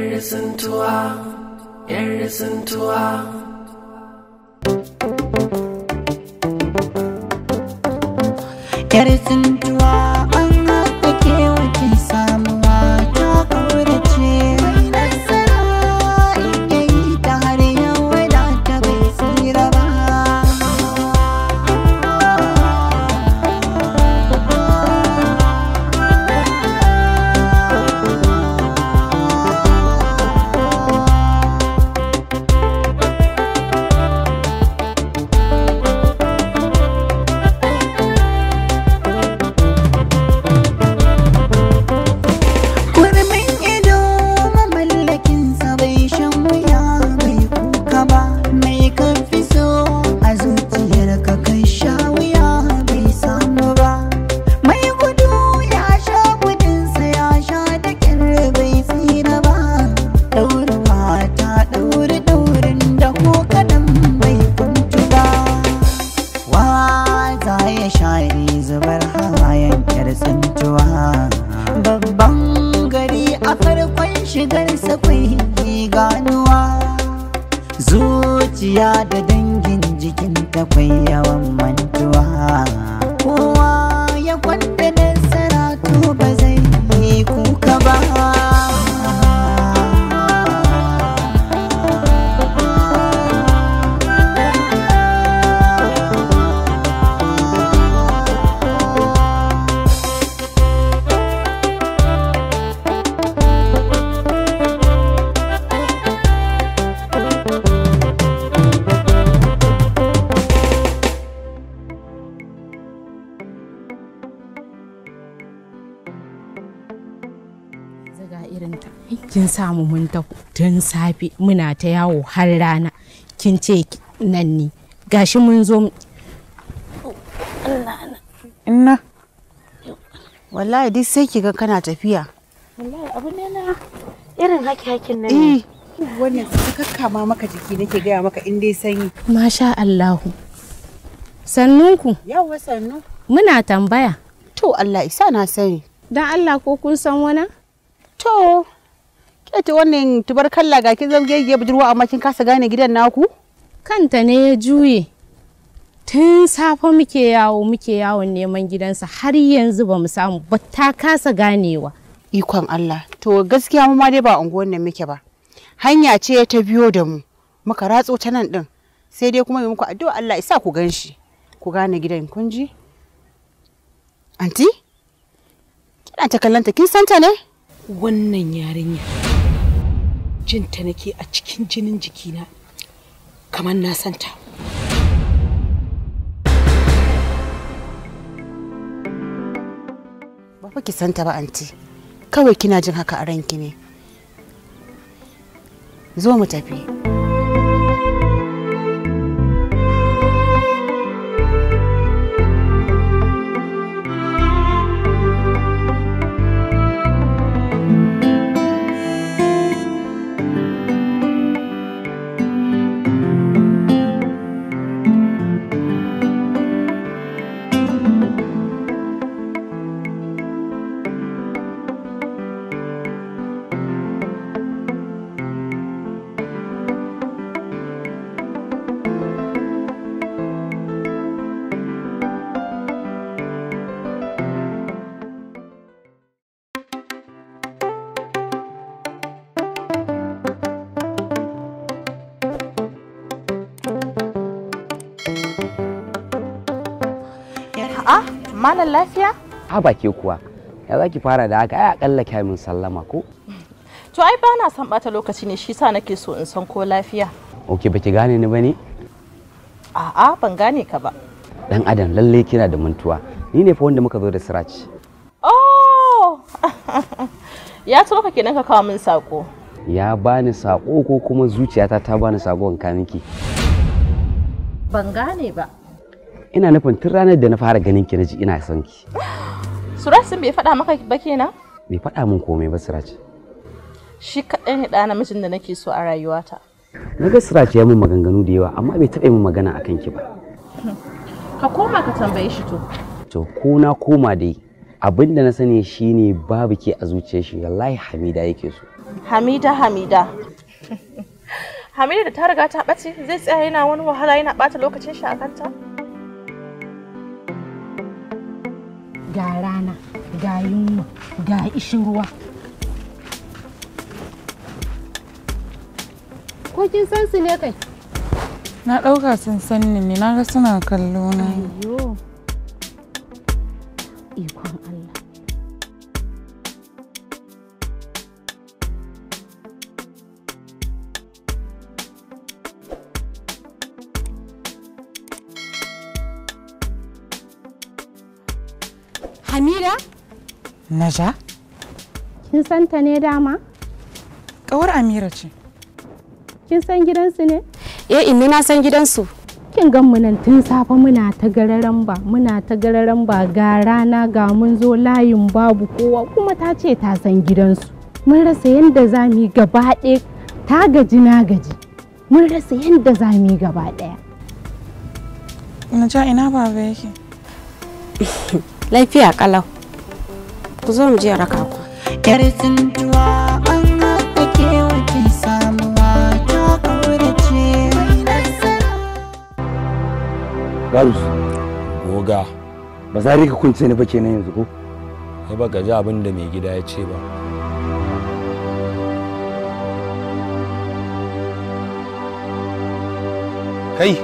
Yerrisentua, Yerrisentua. Yerrisentua. ganuwa zuciya da dangin jikin ta yawan mantuwa kowa ya kwanta kin samu mun ta tun safe muna ta yawo har rana kin ce nan ne gashi mun zo inna wallahi duk sai ga kana tafiya wallahi abu ne na irin haki hakin nan ne eh. wannan sai kama maka jiki nake gaya maka in dai sanyi masha Allahu sannunku yawa sannu muna tambaya to Allah isa na sani dan Allah ko kun san wani to Kete eh, wannan kalla ga kin zan gege budurwa amma kin kasa gane gidan naku? Kanta ne ya juye. Tun safe muke yawo muke yawon neman gidansa har yanzu ba mu samu ba ta kasa ganewa. Ikon Allah. To gaskiya mu ma dai ba unguwar nan muke ba. Hanya ce ta biyo da mu. Muka ratso ta nan din. Sai dai kuma yi muku addu'a Allah isa ku ganshi Ku gane gidan kun ji? Anti? Kina ta kallanta kin santa ne? Wannan yarinya. jinta nake a cikin jinin jikina kamar na santa. Ba ki santa ba anti, kawai kina jin haka a ranki ne. Zo mu tafi. lafiya? A baki kuwa. Ya zaki fara da haka aya akalla kyamin sallama ko? To ai ba na son bata lokaci ne shi sa nake so in san ko lafiya. Ok ki gane ni bane? A'a ban gane ka ba. Dan adam lalle kina da mantuwa. Ni ne fa wanda muka zo da siraci. Oh! ya turo ka kenan ka kawo min sako. Ya bani sako ko kuma zuciyata ta bani sako in ka Ban gane ba. ina nufin tun ranar da na fara ganin ki naji ina son ki Surasin bai faɗa maka ba kenan bai faɗa min komai ba Surace. shi kaɗan ya ɗa namijin da nake so a rayuwata na ga ya min maganganu da yawa amma bai taɓa min magana akan ki ba ka koma ka tambaye shi to to ko na koma dai abin na sani shine babu ke a zuciyar shi wallahi hamida yake so hamida hamida hamida da ta riga ta ɓace zai tsaya yana wani wahala yana ɓata lokacin shi a kanta ga rana ga yunwa ga ishin ruwa ko kin san su ne kai na ɗauka sun san ne na ga suna kallo na ikon Hamida? Naja? Kin san ta ne dama? Kawar Amira ce. Kin san gidansu ne? Eh, inni na san gidansu. Kin gan mu nan tun safe muna ta gararan ba, muna ta gararan ba ga rana ga mun zo layin babu kowa kuma ta ce ta san gidansu. Mun rasa yadda za mu yi gaba ta gaji na gaji. Mun rasa yadda za mu yi gaba ɗaya. Naja ina baba yake. lafiya kalau ku zo mu je raka ku Garus goga ba za rika kunce ni ba kenan yanzu ko kai ba gaji abin da mai gida ya ce ba kai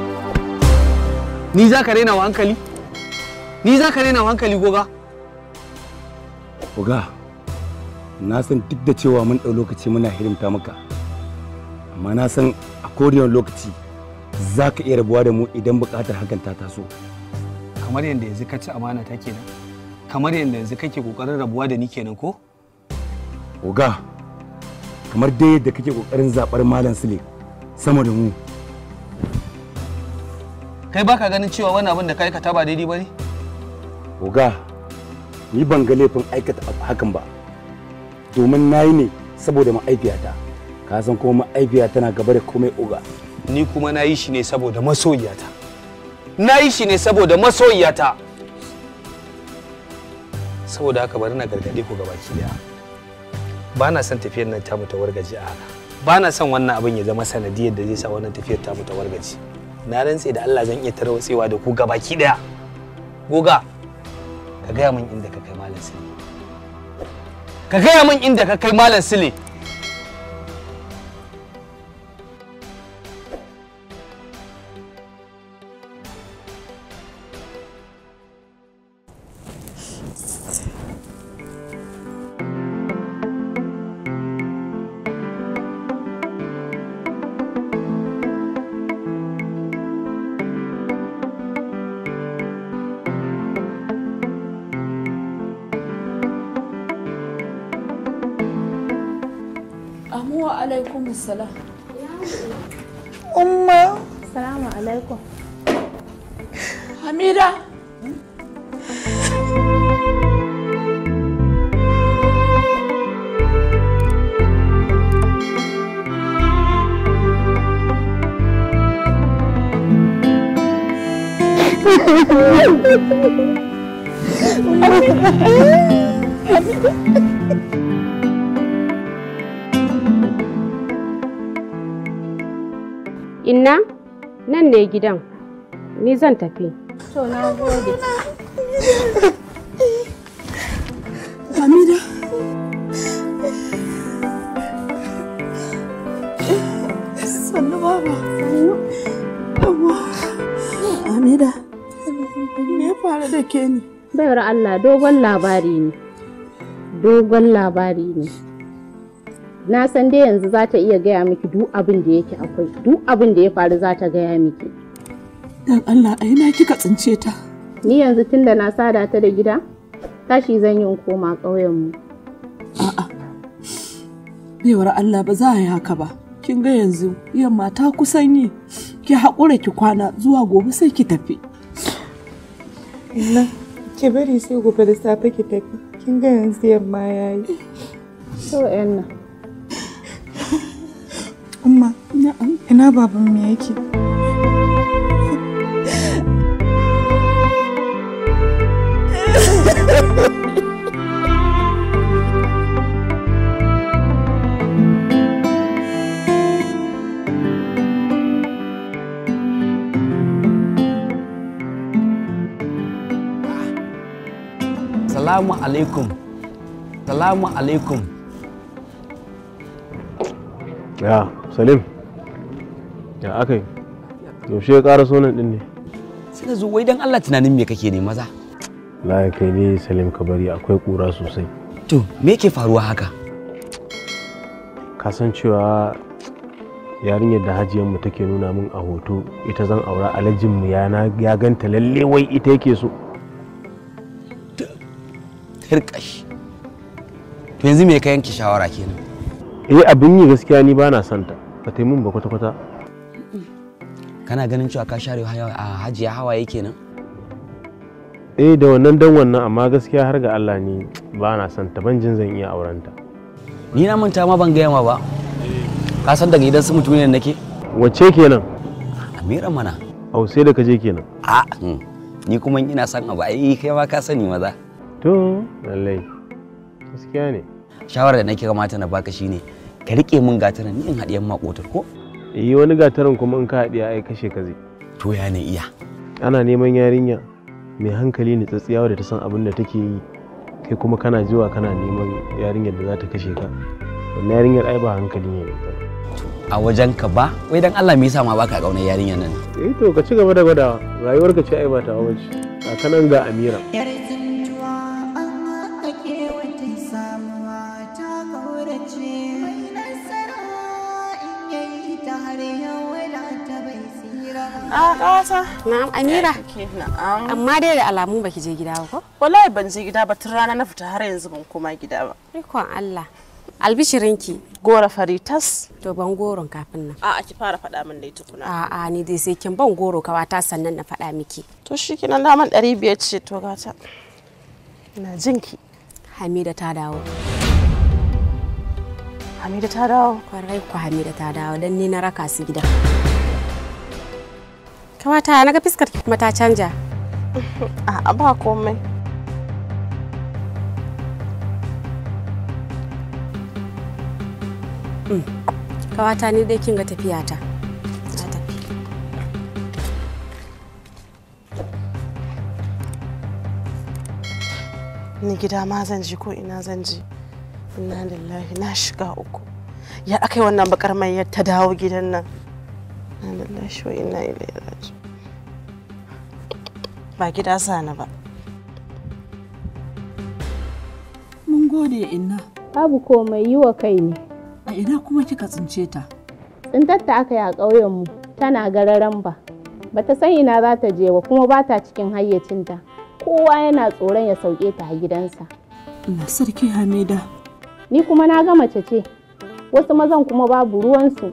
ni za ka rena wa hankali Ni za ka raina hankali goga? Goga, na san duk da cewa mun ɗau lokaci muna hirimta maka. Amma na san a koriyon lokaci za ka iya rabuwa da mu idan buƙatar hakan ta taso. Kamar yadda yanzu ka ci amana ta kenan. Kamar yadda yanzu kake ƙoƙarin rabuwa da ni kenan ko? Goga, kamar dai yadda kake ƙoƙarin zaɓar Malam Sule sama da mu. Kai baka ganin cewa wani abin da ka aikata ba daidai ba ne? Oga, ni ban ga laifin aikata abu hakan ba, domin na yi ne saboda ma'aifiyata, ka san kuma ma'aifiya tana gaba da komai oga. Ni kuma na yi shi ne saboda masoyiyata. Na yi shi ne saboda masoyiyata. Saboda haka bari na gargaɗe ku ki daya. Ba na son tafiyar nan tamu ta wargaji a haka. Ba na son wannan abin ya zama sanadiyar da zai sa wannan tafiyar tamu ta wargaji. Na rantse da Allah zan iya tarwatsewa da ku ki daya. Goga, ka gaya min inda ka kai malam sile ka gaya min inda ka kai malam sile عليكم السلام أمه السلام عليكم حميدة حميدة Inna, nan ne gidan, ni zan tafi. To, na gode. Amina. Sannu baba. Sannu. Amina. Me ya faru da ke ni? Bayar Allah dogon labari ne. Dogon labari ne. na san dai yanzu za ta iya gaya miki duk abin da yake akwai duk abin da ya faru za ta gaya miki dan Allah ai na kika tsince ta ni yanzu tunda na sada ta da gida tashi zan yi koma ƙauyen mu a'a baiwar Allah ba za a yi haka ba kin ga yanzu yamma ta kusan yi ki haƙura ki kwana zuwa gobe sai ki tafi ki bari sai gobe da safe ki tafi kin ga yanzu yamma yayi so yan Umma, ina baban mu yake? Salamu alaikum. Salamu alaikum. Yeah. salim ya aka yi yaushe ya ƙara sonan ɗin ne suna zo wai don allah tunanin me kake ne maza laye kai ne salim ka bari akwai ƙura sosai to me ke faruwa haka kasancewa yarinyar da hajiyar mu take nuna min a hoto ita zan aura alajin mu ya ya ganta lalle wai ita yake so to yanzu me ka yanke shawara kenan eh abin yi gaskiya ni ba na santa. ba ta mun ba kwata-kwata kana ganin cewa ka share a hajiya hawaye kenan eh da wannan dan wannan amma gaskiya har ga Allah ni ba na son ta ban jin zan iya aurenta ni na manta ma ban gaya ma ba ka san daga idan su mutum ne nake wacce kenan amira mana au sai da kaje kenan a hmm. ni kuma ina son abu ai kai ma ka sani maza to lallai gaskiya ne shawarar da nake kamata na baka shine ka rike min gatarin ni in haɗiyan makotar ko yi eh, wani gatarin kuma in ka haɗiya ai kashe ka zai to ya ne iya ana neman yarinya mai hankali ne tsatsiyawa da ta san abin da take yi kai kuma kana zuwa kana neman yarinyar da za ta kashe ka wannan yarinyar ai ba hankali ne a wajen ka ba wai dan Allah me yasa ma baka kaunar yarinyar nan eh to ka ci gaba da gwadawa rayuwar ka ce ai ba ta wace a kanan ga Amira A ah, ƙawata. Na'am Amira. Na'am. Amma dai da alamu baki je gida ba ko? Wallahi ban je gida ba tun rana na fita har yanzu ban koma gida ba. Ikon Allah. albishirinki gora faritas to ban goron kafin nan a'a ki fara faɗa min dai tukuna a'a ni dai sai kin ban goro kawata sannan na faɗa miki to shi kinan daman ɗari biyar ce to gata ina jinki hamida ta dawo hamida ta dawo kwarai ku hamida ta dawo dan ni na raka su gida Kawata na ga fiskar ki kuma ta canja. A'a ba komai. Mm. Kawata ni dai kin ga ta. ni gida ma zan ji ko ina zan ji inna lillahi na shiga uku ya akai wannan bakar mai ta dawo gidan nan Inna lillahi wa inna ilaihi raji'un. Ba gida sani ba. Mun gode ina. Babu komai yi wa kai ne. A ina kuma kika tsince ta? Tsintatta aka yi a ƙauyenmu tana gararan ba. ta san ina za ta je wa kuma ba ta cikin hayyacinta. Kowa yana tsoron ya sauke ta a gidansa. Ina sarki Hamida. Ni kuma na ga mace ce, wasu mazan kuma babu ruwansu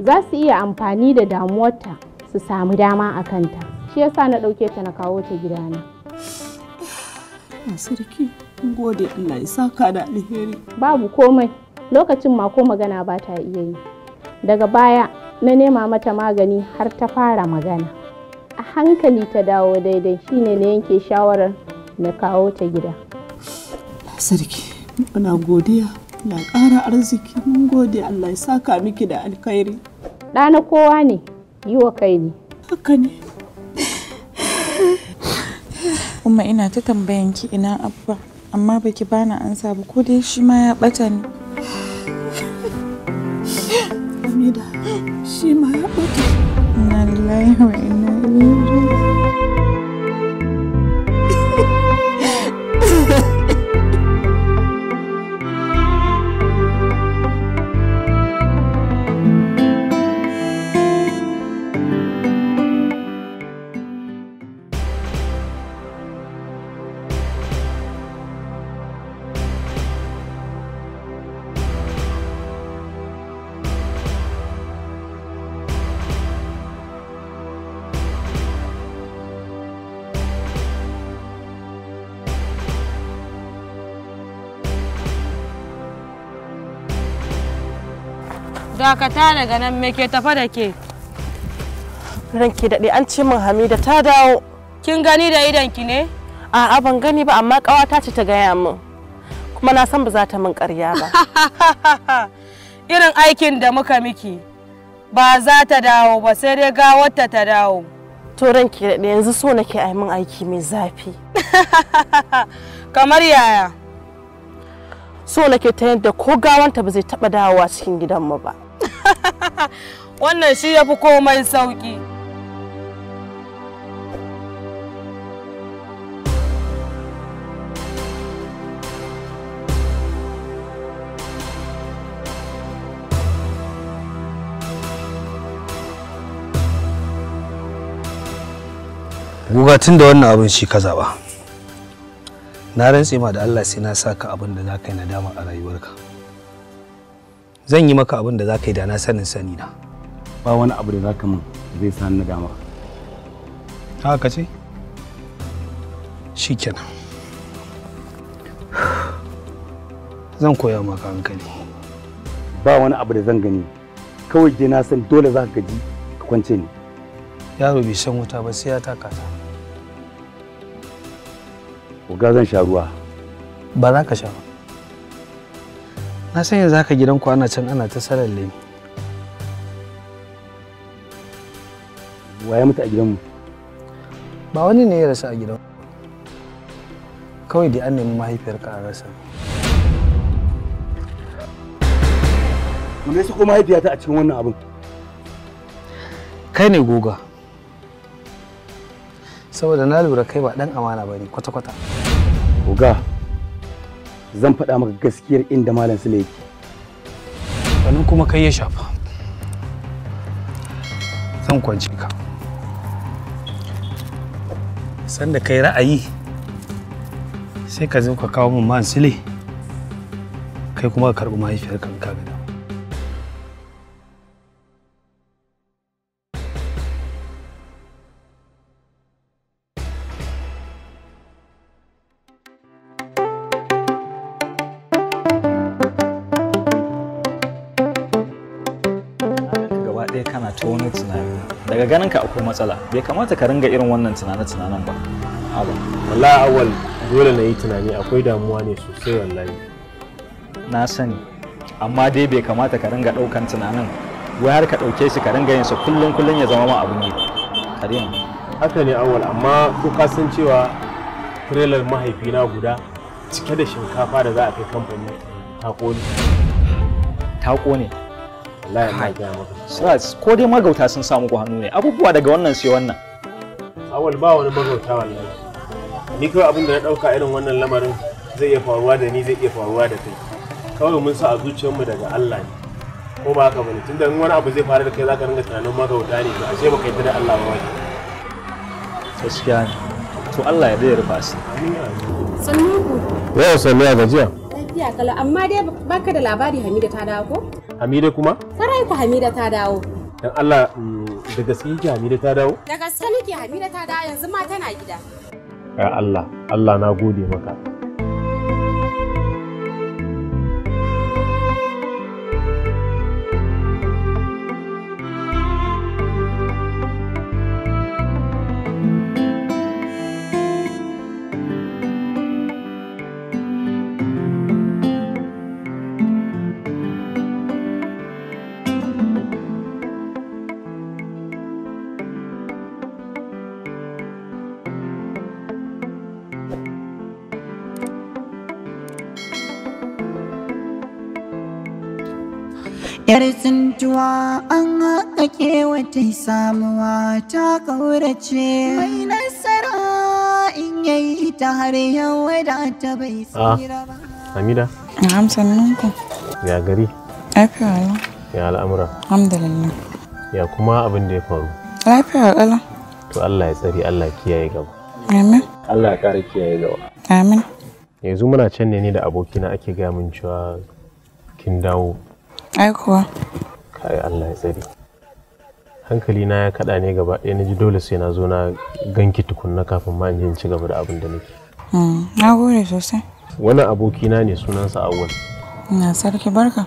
za su iya amfani da damuwarta su sami dama a kanta shi yasa na ɗauke ta na kawo ta gidana ah, sarki gode Allah ya saka da alheri babu komai lokacin ma ko magana ba ta iya yi daga baya na nema mata magani har ta fara magana a hankali ta dawo daidai shine na yanke shawarar na kawo ta gida ah, sarki muna godiya na ƙara arziki mun gode Allah ya saka miki da alkhairi. Ɗana kowa ne yi wa kai ne. Haka ne. Kuma ina ta tambayan ki ina abba amma baki bana ansa ba ko dai shi ma ya ɓata ne. Amida shi ma ya ɓata. Inna lillahi wa inna ilaihi Dakata daga nan me ke tafa da ke? Ranki daɗe an ce min Hamida ta dawo. Kin gani da idanki ne? A'a ban gani ba amma ƙawata ce ta gaya min. Kuma na san ba za ta min ƙarya ba. Irin aikin da muka miki ba za ta dawo ba sai dai gawarta ta dawo. To ranki daɗe yanzu so nake a min aiki mai zafi. Kamar yaya? So nake ta yadda ko gawanta ba zai taɓa dawowa cikin gidanmu ba. wannan shi ya fi komai sauki tun da wannan abin shi ka zaba na rantse ma da allah sai na saka abin da za ka yi nadama a rayuwarka zan yi maka abin da za ka yi da na sanin sani na ba wani abu da za ka min zai sa na dama haka ce shikenan zan koya maka hankali ba wani abu da zan gani kawai je na san dole za ka gaji ka kwance ni yaro bai san wuta ba sai ya taka ta ga zan sha ruwa ba za ka sha ba na san yanzu haka gidanku ana can ana ta salar lemi wa ya mutu a gidanmu ba wani ne ya rasa a gidan kawai dai an nemi mahaifiyarka a rasa me su ko mahaifiyata a cikin wannan abin kai ne goga saboda na lura kai ba dan amana bane kwata-kwata goga zan faɗa maka gaskiyar inda malam sule yake wani kuma kai ya shafa zan kwance ka sanda kai ra'ayi sai ka zo ka kawo min man sule kai kuma ka karɓi mahaifiyar kan gada tunani daga ganin ka akwai matsala bai kamata ka ringa irin wannan tunanin tunanin ba haba wallahi awal dole na yi tunani akwai damuwa ne sosai wallahi na sani amma dai bai kamata ka ringa ɗaukan tunanin wai har ka ɗauke shi ka ringa yin sa kullum kullum ya zama ma abu ne karima haka ne awal amma ko ka san cewa trailer mahaifina guda cike da shinkafa da za a kai kamfani ta ta kone wallahi na ga maka ko dai magauta sun samu ku hannu ne abubuwa daga wannan sai wannan awal ba wani magauta wallahi ni kawai abin da na ɗauka irin wannan lamarin zai iya faruwa da ni zai iya faruwa da kai kawai mun sa a zuciyarmu daga Allah ne ko ba haka bane tunda in wani abu zai faru da kai zaka ringa tunanin magauta ne ba sai baka yi da Allah ba wani gaskiya ne to Allah ya zai rufa su sannu ku yau sannu a gajiya lafiya kala amma dai baka da labari Hamida ta dawo ko? Hamida kuma? Sarai ku Hamida ta dawo. Dan Allah mm, da gaske yake Hamida ta dawo? Da gaske nake Hamida ta dawo yanzu ma tana gida. Ya Allah, Allah na gode maka. Yar tsintuwa an haƙa kewace samuwa ta ƙaurace mai nasara in yayi ta har yau wadata bai ah, tsira ba. Hamida? Na'am sannunku. Ya gari? Lafiya ala. Ya al'amura? Alhamdulillah. Ya kuma abin da ya faru? Lafiya ala. To Allah ya tsari Allah kiyaye gaba. Amin. Allah ya ƙara kiyaye gaba. Amin. Yanzu muna can ne da abokina ake gaya min cewa kin dawo ai kuwa kai Allah ya tsare hankali na ya kada ne gaba ɗaya na ji dole sai na zo na ganki tukunna kafin ma in ci gaba da abin da nake hmm, na gode sosai wani aboki na ne sunansa awwal na sarki barka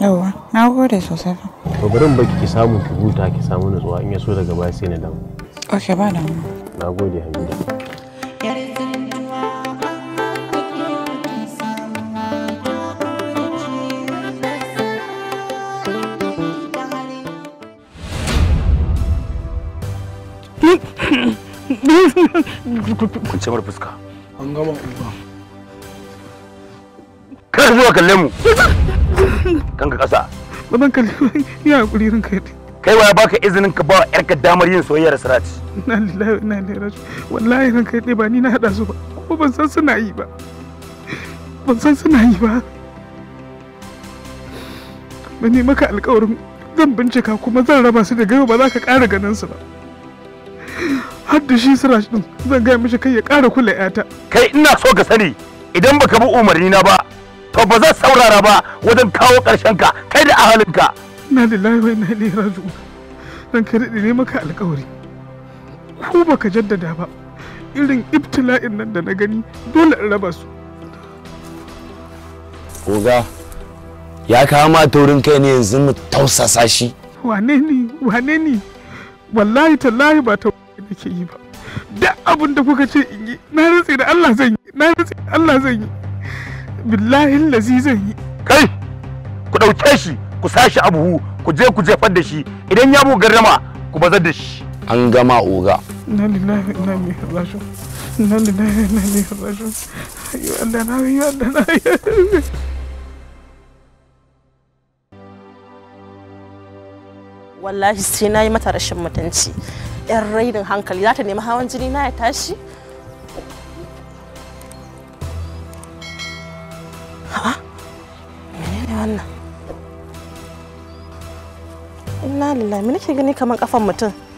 yawa na gode sosai fa to bari in baki ki samu ki huta ki samu nutsuwa in ya so daga baya sai na dawo ok ba damu na gode hamida Kun ce fuska. An gama uba. zuwa kalle mu. ƙasa. Baban kalle ya hakuri Kai wa baka izinin ka ba yarka damar yin soyayyar Na lillahi na lillahi wallahi ba ni na hada su ba. Ko ban san suna yi ba. Ban san suna yi ba. ban ne maka alƙawarin zan bincika kuma zan raba su da gaba ba za ka ƙara ganin su ba. har da shi sirash din zan gaya mishi kai ya ƙara kula yata kai ina so ka sani idan baka bi umarni na ba to ba zan saurara ba wajen kawo ƙarshen ka kai da ahalinka na lillahi wa inna ilaihi raji'un dan ka daɗe ne maka alƙawari ko baka jaddada ba irin ibtila'in nan da na gani dole in raba su koga ya kama taurin kai ne yanzu mu tausasa shi. Wane ne? Wane ne? Wallahi tallahi ba ta nake yi ba duk abin da kuka ce in yi na rantse da Allah zan yi na rantse da Allah zan yi billahi lazi zan yi kai ku dauke shi ku sashi a buhu ku je ku jefar da shi idan ya bugar rama ku bazar da shi an gama oga na lillahi na mai harashin na lillahi na mai harashin yi Allah na yi Allah na yi wallahi sai na yi mata rashin mutunci yan rainin hankali za ta nemi hawan jini na ya tashi ha menene wannan inna lillahi me nake gani kamar kafan mutum